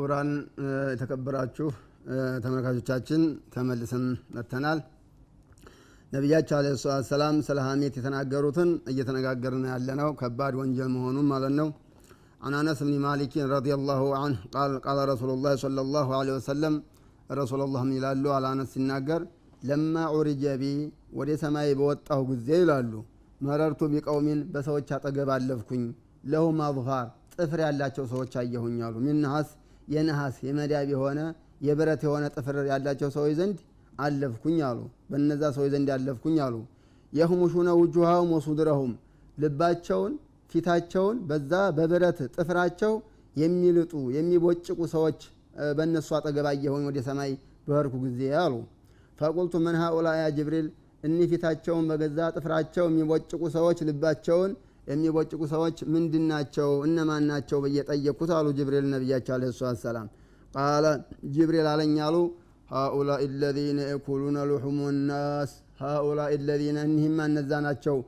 ክቡራን የተከበራችሁ ተመልካቾቻችን ተመልሰን መጥተናል። ነቢያቸው አለ ሰላት ሰላም ስለ ሀሜት የተናገሩትን እየተነጋገርን ያለ ነው። ከባድ ወንጀል መሆኑን ማለት ነው። عن انس بن مالك رضي الله عنه قال قال رسول الله صلى الله عليه وسلم رسول الله من يلالو على انس يناገር لما عرج بي ወደ ሰማይ በወጣሁ ጊዜ ይላሉ መረርቱ ቢቀውሚን بسوچ አጠገብ علفكني ለሁም አظፋር طفر ያላቸው سوچ አየሁኝ አሉ من ناس የነሐስ የመዳብ የሆነ የብረት የሆነ ጥፍር ያላቸው ሰዎች ዘንድ አለፍኩኝ አሉ በነዛ ሰዎች ዘንድ አለፍኩኝ አሉ የህሙሹነ ውጁሃውም ወሱድረሁም ልባቸውን ፊታቸውን በዛ በብረት ጥፍራቸው የሚልጡ የሚቦጭቁ ሰዎች በእነሱ አጠገባ የሆን ወደ ሰማይ በወርኩ ጊዜ አሉ ፈቁልቱ ምን ሃኡላ ያ ጅብሪል እኒ ፊታቸውን በገዛ ጥፍራቸው የሚቦጭቁ ሰዎች ልባቸውን የሚቦጭቁ ሰዎች ምንድን ናቸው እነማን ናቸው ብየጠየቅኩት አሉ ጅብሪል ነቢያቸው አለ ሰላት ሰላም ቃለ ጅብሪል አለኝ አሉ ሃኡላ ለዚነ የኩሉነ ልሑሙ ናስ ሃኡላ ለዚነ እኒህማ እነዛ ናቸው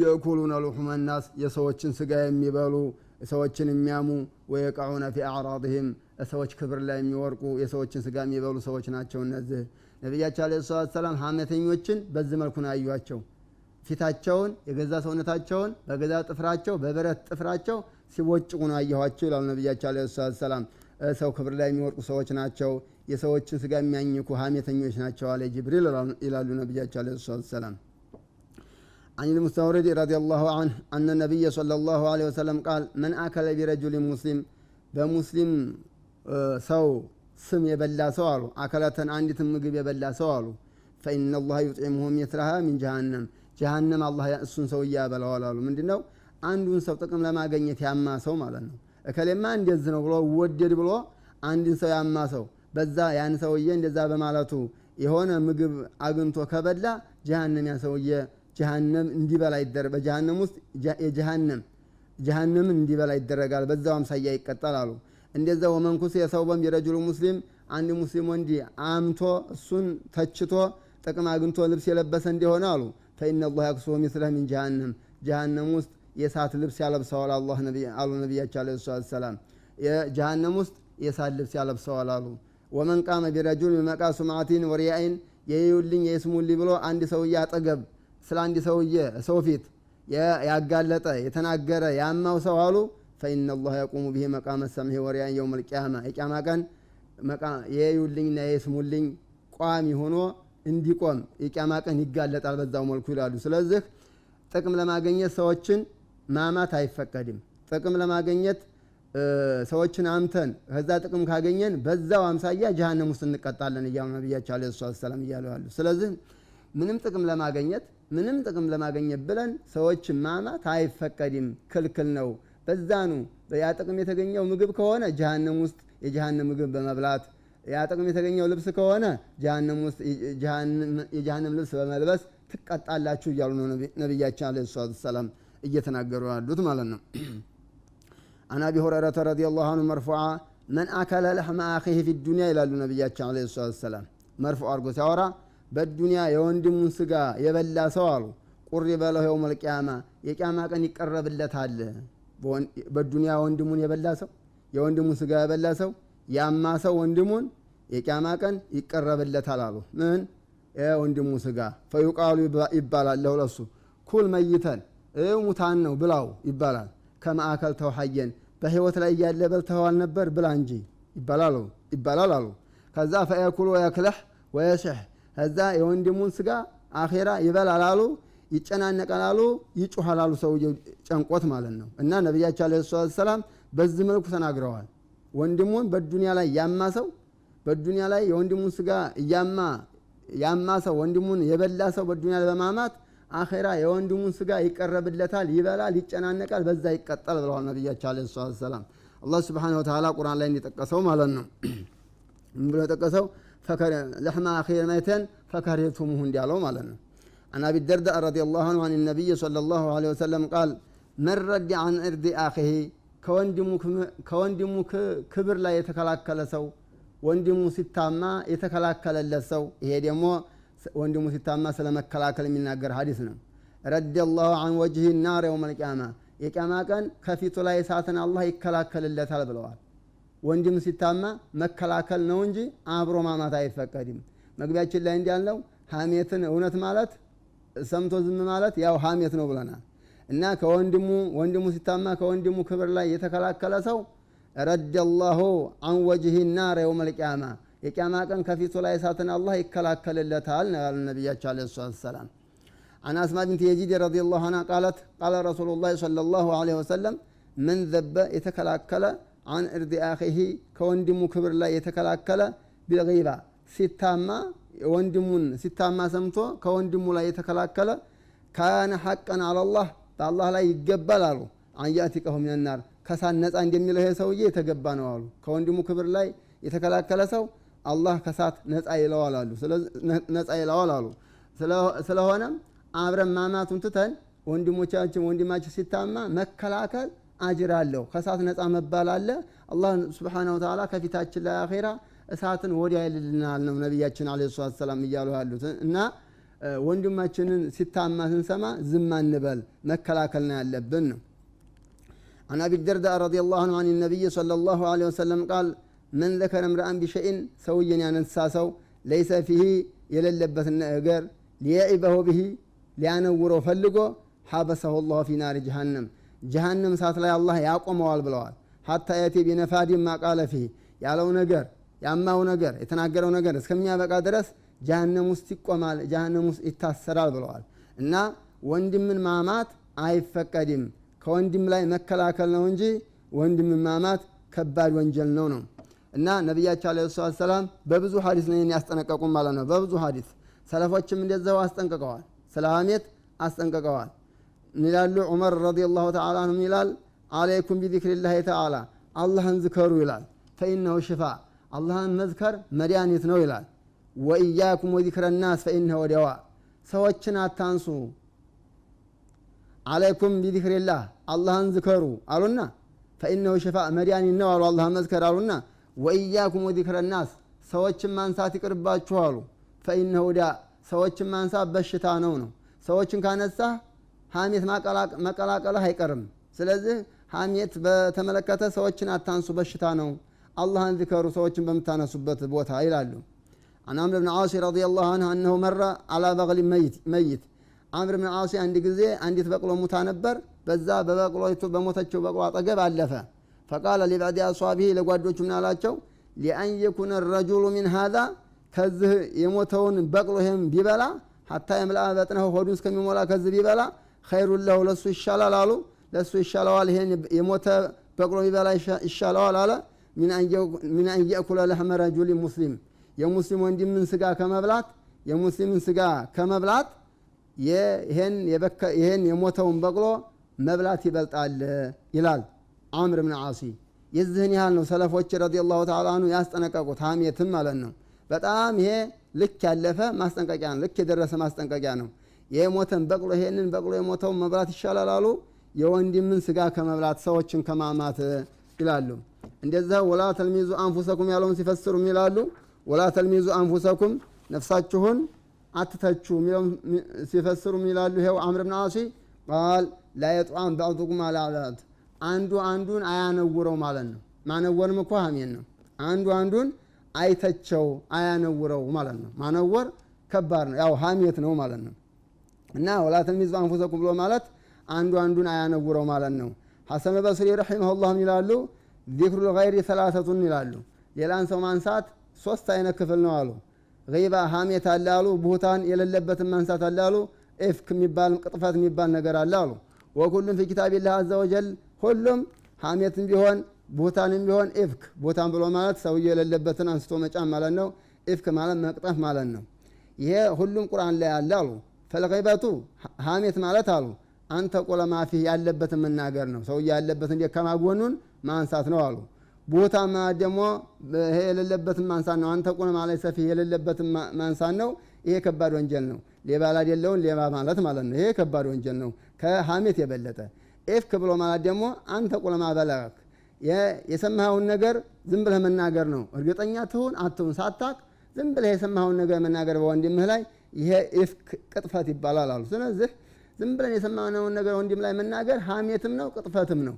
የኩሉነ ልሑም ናስ የሰዎችን ስጋ የሚበሉ ሰዎችን የሚያሙ ወየቃዑነ ፊ አዕራድህም ሰዎች ክብር ላይ የሚወርቁ የሰዎችን ስጋ የሚበሉ ሰዎች ናቸው እነዚህ ነቢያቸው አለ ሰላት ሰላም ሀመተኞችን በዚህ መልኩ ነው አዩቸው ፊታቸውን የገዛ ሰውነታቸውን በገዛ ጥፍራቸው በብረት ጥፍራቸው ሲቦጭቁ ሆኖ አየኋቸው ይላሉ ነቢያቸው አለ ሰላት ሰላም። ሰው ክብር ላይ የሚወርቁ ሰዎች ናቸው። የሰዎችን ስጋ የሚያኝኩ ሀሜተኞች ናቸው አለ ጅብሪል ይላሉ ነቢያቸው አለ ሰላት ሰላም። عن المستورد رضي الله عنه أن النبي صلى الله عليه وسلم قال من أكل برجل مسلم بمسلم ሰው ስም የበላ ሰው አሉ አካላተን አንዲት ምግብ የበላ ሰው አሉ فإن الله يطعمه مثلها من جهنم ጀሃነም አላህ እሱን ሰው እያበላዋል አሉ ምንድ ነው አንዱን ሰው ጥቅም ለማገኘት ያማ ሰው ማለት ነው እከሌማ እንደዝ ነው ብሎ ወደድ ብሎ አንድን ሰው ያማ ሰው በዛ ያን ሰውዬ እንደዛ በማለቱ የሆነ ምግብ አግኝቶ ከበላ ጀሃነም ያን ሰውዬ ጀሃነም እንዲበላ ይደረ በጀሃነም ውስጥ የጀሃነም ጀሃነም እንዲበላ ይደረጋል በዛው አምሳያ ይቀጣል አሉ እንደዛ ወመንኩስ የሰውበም የረጅሉ ሙስሊም አንድ ሙስሊም ወንድ አምቶ እሱን ተችቶ ጥቅም አግኝቶ ልብስ የለበሰ እንደሆነ አሉ ፈኢነ ላህ ያክሱሁ ሚስለህ ሚን ጀሃነም ጀሃነም ውስጥ የእሳት ልብስ ያለብሰዋል አላህ አሉ ነቢያቸው አለ ሰላት ሰላም የጀሃነም ውስጥ የእሳት ልብስ ያለብሰዋል አሉ ወመን ቃመ ቢረጁል ቢመቃ ሱምዓቲን ወሪያይን የይውልኝ የስሙልኝ ብሎ አንድ ሰውዬ አጠገብ ስለ አንድ ሰውዬ ሰው ፊት ያጋለጠ የተናገረ ያማው ሰው አሉ ፈኢነ ላህ የቁሙ ብሄ መቃመ ሰምሄ ወሪያን የውም ልቅያማ የቅያማ ቀን የዩልኝና የስሙልኝ ቋሚ ሆኖ እንዲቆም የቂያማ ቀን ይጋለጣል በዛው መልኩ ይላሉ። ስለዚህ ጥቅም ለማገኘት ሰዎችን ማማት አይፈቀድም። ጥቅም ለማገኘት ሰዎችን አምተን ከዛ ጥቅም ካገኘን በዛው አምሳያ ጃሃንም ውስጥ እንቀጣለን እያሉ ነቢያቸው አለ ስላት ሰላም እያሉ ያሉ። ስለዚህ ምንም ጥቅም ለማገኘት ምንም ጥቅም ለማገኘት ብለን ሰዎችን ማማት አይፈቀድም፣ ክልክል ነው። በዛኑ ያ ጥቅም የተገኘው ምግብ ከሆነ ጃሃንም ውስጥ የጃሃንም ምግብ በመብላት ያ ጥቅም የተገኘው ልብስ ከሆነ የጃሃንም ልብስ በመልበስ ትቀጣላችሁ እያሉ ነው ነቢያችን አለ ሰላት ሰላም እየተናገሩ ያሉት ማለት ነው አን አቢ ሁረረተ ረዲ ላሁ አንሁ መርፉዓ መን አከለ ለሕመ አኺህ ፊ ዱኒያ ይላሉ ነቢያችን አለ ሰላት ሰላም መርፉ አድርጎ ሲያወራ በዱኒያ የወንድሙን ስጋ የበላ ሰው አሉ ቁሪ በለው የውም ልቅያማ የቅያማ ቀን ይቀረብለታል በዱኒያ ወንድሙን የበላ ሰው የወንድሙን ስጋ የበላ ሰው ያማ ሰው ወንድሙን የቅያማ ቀን ይቀረብለታል አሉ። ምን ወንድሙ ስጋ ፈዩቃሉ ይባላል ለሁለሱ ኩል መይተን ሙታን ነው ብላው ይባላል። ከማዕከል ተውሐየን በህይወት ላይ እያለ በልተኸዋል ነበር ብላ እንጂ ይባላል አሉ። ከዛ ፈየኩል ወየክለሕ ወየሽሕ ከዛ የወንድሙን ስጋ አኼራ ይበላል አሉ። ይጨናነቃል አሉ። ይጩኋል አሉ። ሰውየው ጨንቆት ማለት ነው። እና ነቢያቸው አለ ሰላም በዚህ መልኩ ተናግረዋል። ወንድሙን በዱንያ ላይ ያማ ሰው በዱንያ ላይ የወንድሙን ስጋ እያማ ያማ ሰው ወንድሙን የበላ ሰው በዱንያ ላይ በማማት አኼራ የወንድሙን ስጋ ይቀረብለታል ይበላል ይጨናነቃል በዛ ይቀጠል ብለዋል ነቢያቸው አለ ሰላት ሰላም አላህ ስብሓን ወተላ ቁርአን ላይ እንደጠቀሰው ማለት ነው ምን ብሎ የጠቀሰው ለሕማ አኼር መተን ፈከሬቱሙሁ እንዲያለው ማለት ነው عن أبي الدرداء رضي الله عنه عن النبي صلى الله عليه وسلم قال من رد عن إرض أخيه ከወንድሙ ክብር ላይ የተከላከለ ሰው ወንድሙ ሲታማ የተከላከለለት ሰው ይሄ ደግሞ ወንድሙ ሲታማ ስለ መከላከል የሚናገር ሀዲስ ነው ረዲ ላሁ አን ወጅህ ናር የውም ልቅያማ የቅያማ ቀን ከፊቱ ላይ እሳትን አላህ ይከላከልለታል ብለዋል ወንድም ሲታማ መከላከል ነው እንጂ አብሮ ማማት አይፈቀድም መግቢያችን ላይ ያለው ሀሜትን እውነት ማለት ሰምቶ ዝም ማለት ያው ሀሜት ነው ብለናል እና ከወንድሙ ወንድሙ ሲታማ ከወንድሙ ክብር ላይ የተከላከለ ሰው ረድ አላሁ አን ወጅህ ናር የውም ልቅያማ የቅያማ ቀን ከፊቱ ላይ እሳትን አላህ ይከላከልለታል ያሉ ነቢያቸው አለ ሰላት ሰላም عن أسماء بنت يزيد رضي الله عنها قالت قال رسول الله صلى الله عليه وسلم من ذب يتكلاكل عن إرض أخيه كوندم كبر لا يتكلاكل بالغيبة ستاما وندمون ستاما سمتو كوندم لا يتكلاكل كان حقا على الله በአላህ ላይ ይገባል አሉ አንያቲ ቀሁ ሚነናር ከሳን ነፃ እንደሚለው ይሄ ሰውዬ የተገባ ነው አሉ ከወንድሙ ክብር ላይ የተከላከለ ሰው አላህ ከሳት ነፃ ይለዋል አሉ ነፃ ይለዋል አሉ ስለሆነም አብረን ማማቱን ትተን ወንድሞቻችን ወንድማችን ሲታማ መከላከል አጅር አለው ከሳት ነፃ መባል አለ አላህ ስብሓን ተላ ከፊታችን ላይ አኼራ እሳትን ወዲያ ይልልናል ነው ነቢያችን አለ ሰላም እያሉ ያሉት እና ወንድማችንን ሲታማ ስንሰማ ዝም አንበል መከላከል ነው ያለብን ነው عن أبي الدرداء رضي الله عنه عن النبي صلى الله عليه وسلم قال من ذكر امرأ بشيء سويا يعني انساسو ليس فيه የሌለበት ነገር ሊየዒበሁ ብሂ ሊያነውረው ፈልጎ ሐበሰሁ ላሁ ፊ ናሪ ጀሃነም ጀሃነም እሳት ላይ አላህ ያቆመዋል ብለዋል ሀታ የቲ ቢነፋዲ ማቃለ ፊህ ያለው ነገር ያማው ነገር የተናገረው ነገር እስከሚያበቃ ድረስ ጀሃነም ውስጥ ይቆማል ጀሃነም ውስጥ ይታሰራል ብለዋል እና ወንድምን ማማት አይፈቀድም ከወንድም ላይ መከላከል ነው እንጂ ወንድምን ማማት ከባድ ወንጀል ነው ነው እና ነቢያቸው አለ ሰላት ሰላም በብዙ ሀዲስ ነው ያስጠነቀቁም ማለት ነው በብዙ ሀዲስ ሰለፎችም እንደዛው አስጠንቅቀዋል ስለ ሀሜት አስጠንቅቀዋል ይላሉ ዑመር ረዲላሁ ተላ አንሁም ይላል አለይኩም ቢዚክሪላህ ተዓላ አላህን ዝከሩ ይላል ፈኢነሁ ሽፋ አላህን መዝከር መድኒት ነው ይላል ወእያኩም ወዚክረ ናስ ፈኢነ ወደዋ ሰዎችን አታንሱ አለይኩም ቢዚክሪላህ አላህን ዝከሩ አሉና ፈኢነሁ ሽፋ መድያኒ ይነው አሉ አላህ መዝከር አሉና ወእያኩም ወዚክረ ናስ ሰዎችን ማንሳት ይቅርባችሁ አሉ ፈኢነ ዳ ሰዎችን ማንሳት በሽታ ነው ነው ሰዎችን ካነሳ ሀሜት መቀላቀልህ አይቀርም ስለዚህ ሀሜት በተመለከተ ሰዎችን አታንሱ በሽታ ነው አላህን ዚከሩ ሰዎችን በምታነሱበት ቦታ ይላሉ عن عمرو بن عاص رضي الله عنه أنه مر على بغل ميت, ميت عمرو بن عاص عند ጊዜ አንዲት በቅሎ ሙታ ነበር በዛ በበቅሎይቱ በሞተችው በቅሎ አጠገብ አለፈ فقال لبعض أصحابه ለጓዶቹ ምን አላቸው لأن يكون الرجل من هذا ከዚህ የሞተውን በቅሎ ይህም ቢበላ ሀታ የምልአ በጥነው ሆዱን እስከሚሞላ ከዚህ ቢበላ ኸይሩን ለሁ ለእሱ ይሻላል አሉ ለእሱ ይሻለዋል ይሄን የሞተ በቅሎ ቢበላ ይሻለዋል አለ ሚን አንየኩለ ለሕመ ረጁሊ ሙስሊም የሙስሊም ወንድምን ስጋ ከመብላት የሙስሊምን ስጋ ከመብላት ይህን የሞተውን በቅሎ መብላት ይበልጣል ይላል አምር ብን ዓሲ የዝህን ያህል ነው ሰለፎች ረዲ ላሁ ተላ አኑ ያስጠነቀቁት ሀሜትም ማለት ነው በጣም ይሄ ልክ ያለፈ ማስጠንቀቂያ ነው ልክ የደረሰ ማስጠንቀቂያ ነው የሞተን በቅሎ ይሄንን በቅሎ የሞተውን መብላት ይሻላል አሉ የወንድምን ስጋ ከመብላት ሰዎችን ከማማት ይላሉ እንደዛ ወላ ተልሚዙ አንፉሰኩም ያለውን ሲፈስሩም ይላሉ ወላ ተልሚዙ አንፉሰኩም ነፍሳችሁን አትተቹ የሚለው ሲፈስሩ ይላሉ ይኸው አምር ብን አሲ ቃል ላ የጥዓም ባዕضኩም አንዱ አንዱን አያነውረው ማለት ነው ማነወርም እኮ ሀሜን ነው አንዱ አንዱን አይተቸው አያነውረው ማለት ነው ማነወር ከባድ ነው ያው ሀሜት ነው ማለት ነው እና ወላ ተልሚዙ አንፉሰኩም ብሎ ማለት አንዱ አንዱን አያነውረው ማለት ነው ሐሰን በስሪ ረሒመሁላህም ይላሉ ዚክሩ ልይሪ ሰላሰቱን ይላሉ ሌላን ሰው ማንሳት ሶስት አይነት ክፍል ነው አሉ ባ ሀሜት አለ አሉ ቡሁታን የሌለበትን ማንሳት አለ አሉ ኢፍክ የሚባል ቅጥፈት የሚባል ነገር አለ አሉ ወኩሉም ፊ ላህ አዘ ወጀል ሁሉም ሀሜትም ቢሆን ቡታንም ቢሆን ኢፍክ ቡታን ብሎ ማለት ሰውየ የሌለበትን አንስቶ መጫን ማለት ነው ኢፍክ ማለት መቅጠፍ ማለት ነው ይሄ ሁሉም ቁርአን ላይ አለ አሉ ፈለቀይበቱ ሀሜት ማለት አሉ አንተ ቆለማፊህ ያለበትን መናገር ነው ሰውየ ያለበትን ደካማ ማንሳት ነው አሉ ቦታ ደግሞ ይሄ የሌለበትን ማንሳት ነው። አንተ ቁነ ማለት ሰፊ የሌለበትን ማንሳት ነው። ይሄ ከባድ ወንጀል ነው። ሌባ ላደለውን ሌባ ማለት ማለት ነው። ይሄ ከባድ ወንጀል ነው፣ ከሀሜት የበለጠ ኤፍክ ብሎ ማለት ደግሞ አንተ ቁለማ ማበላክ የሰማኸውን ነገር ዝም ብለህ መናገር ነው። እርግጠኛ ትሁን አትሁን ሳታቅ ዝም ብለህ የሰማኸውን ነገር መናገር በወንድምህ ላይ ይሄ ኢፍክ ቅጥፈት ይባላል አሉ። ስለዚህ ዝም ብለን የሰማነውን ነገር ወንድም ላይ መናገር ሀሜትም ነው ቅጥፈትም ነው።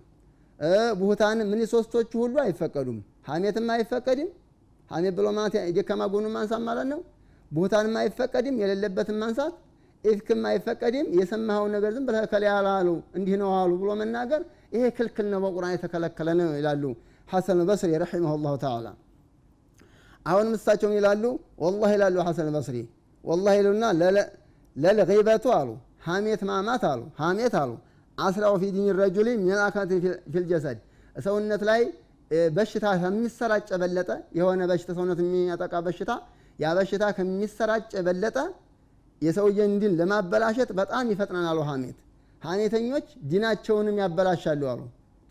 ቡሁታን ምን ሶስቶቹ ሁሉ አይፈቀዱም። ሀሜትም አይፈቀድም። ሀሜት ብሎ ማለት የደካማ ጎኑ ማንሳት ማለት ነው። ቡሁታንም አይፈቀድም፣ የሌለበትን ማንሳት። ኢፍክም አይፈቀድም፣ የሰማኸው ነገር ዝም በተከለ ያላሉ እንዲህ ነው አሉ ብሎ መናገር ይሄ ክልክል ነው፣ በቁርአን የተከለከለ ነው ይላሉ ሐሰን በስሪ ረሒመሁ ላሁ ተላ አሁን ምሳቸውም ይላሉ ወላ ይላሉ ሐሰን በስሪ ወላ ይሉና ለልበቱ አሉ ሀሜት ማማት አሉ ሀሜት አሉ አስራው ፊ ዲን ረጁሊ ሚናካት ፊልጀሰድ ሰውነት ላይ በሽታ ከሚሰራጭ የበለጠ የሆነ በሽታ ሰውነት የሚያጠቃ በሽታ ያ በሽታ ከሚሰራጭ የበለጠ የሰውየን እንዲን ለማበላሸት በጣም ይፈጥናል አሉ ሀሜት ሀሜተኞች ዲናቸውንም ያበላሻሉ አሉ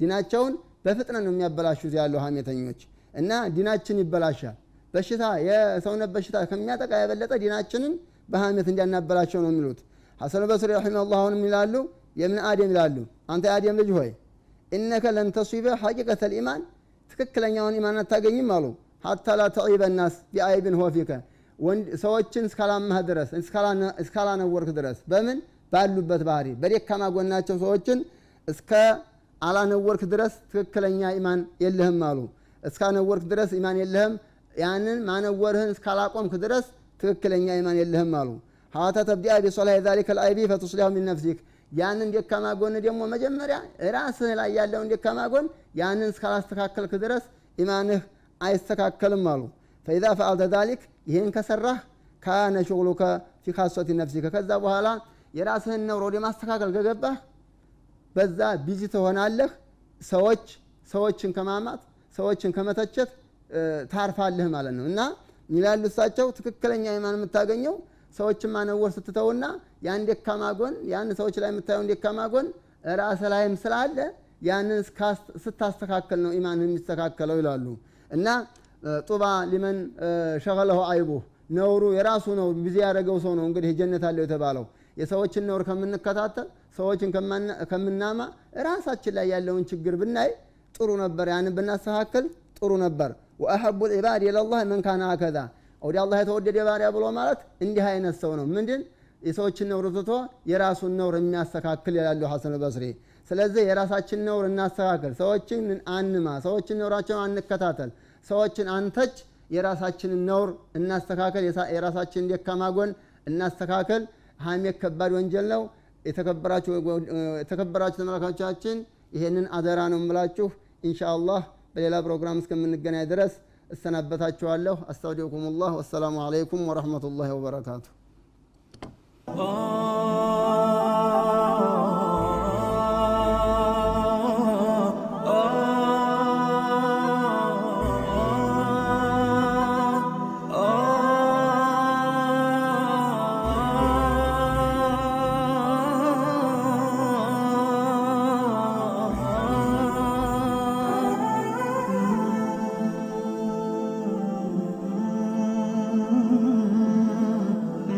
ዲናቸውን በፍጥነት ነው የሚያበላሹት ያሉ ሀሜተኞች እና ዲናችን ይበላሻል በሽታ የሰውነት በሽታ ከሚያጠቃ የበለጠ ዲናችንን በሀሜት እንዲያናበላቸው ነው የሚሉት ሐሰን በስሪ ረሒመሁላሁንም ይላሉ የምን አደም ይላሉ አንተ የአደም ልጅ ሆይ እነከ ለን ሐቂቀተ ልኢማን ትክክለኛውን ኢማን አታገኝም አሉ ሀታ ላ ተዒበ ናስ ቢአይብን ሆፊከ ሰዎችን እስካላማህ ድረስ እስካላነወርክ ድረስ በምን ባሉበት ባህሪ በደካማ ጎናቸው ሰዎችን እስከ አላነወርክ ድረስ ትክክለኛ ኢማን የለህም አሉ እስካነወርክ ድረስ ኢማን የለህም ያንን ማነወርህን እስካላቆምክ ድረስ ትክክለኛ ኢማን የለህም አሉ ሀዋታ ተብዲአ ቢሶላ ዛሊከ ልአይቢ ፈቱስሊሁ ሚን ነፍሲክ ያንን ደካማ ጎን ደግሞ መጀመሪያ ራስህ ላይ ያለውን ደካማ ጎን ያንን እስካላስተካከልክ ድረስ ኢማንህ አይስተካከልም አሉ ፈኢዛ ፈአልተ ዛሊክ ይህን ከሰራህ ካነ ሽቅሉከ ፊ ካሶቲ ነፍሲከ ከዛ በኋላ የራስህን ነውሮ ወደ ማስተካከል ከገባህ በዛ ቢዚ ትሆናለህ ሰዎች ሰዎችን ከማማት ሰዎችን ከመተቸት ታርፋለህ ማለት ነው እና ይላሉ እሳቸው ትክክለኛ ኢማን የምታገኘው ሰዎችን ማነወር ስትተውና ያን ደካማ ጎን ያን ሰዎች ላይ የምታየውን ደካማ ጎን ራስ ላይም ስላለ ያንን ስታስተካከል ነው ኢማን የሚስተካከለው ይላሉ እና ጡባ ሊመን ሸቀለሁ አይቡ ነውሩ የራሱ ነው ጊዜ ያደረገው ሰው ነው እንግዲህ ጀነት አለው የተባለው የሰዎችን ነውር ከምንከታተል ሰዎችን ከምናማ ራሳችን ላይ ያለውን ችግር ብናይ ጥሩ ነበር ያንን ብናስተካከል ጥሩ ነበር ወአሐቡ ልዕባድ ኢለላህ መንካና ካነ አከዛ ወደ አላህ የተወደደ ባሪያ ብሎ ማለት እንዲህ አይነት ሰው ነው ምንድን የሰዎችን ነውር ትቶ የራሱን ነውር የሚያስተካክል ያለው ሐሰን በስሪ ስለዚህ የራሳችን ነውር እናስተካክል ሰዎችን አንማ ሰዎችን ነውራቸውን አንከታተል ሰዎችን አንተች የራሳችንን ነውር እናስተካከል የራሳችንን ደካማጎን እናስተካከል ሀሜ ከባድ ወንጀል ነው የተከበራችሁ ተመልካቾቻችን ይሄንን አደራ ነው ምላችሁ እንሻ አላህ በሌላ ፕሮግራም እስከምንገናኝ ድረስ استنبتاتشو الله استودعكم الله والسلام عليكم ورحمة الله وبركاته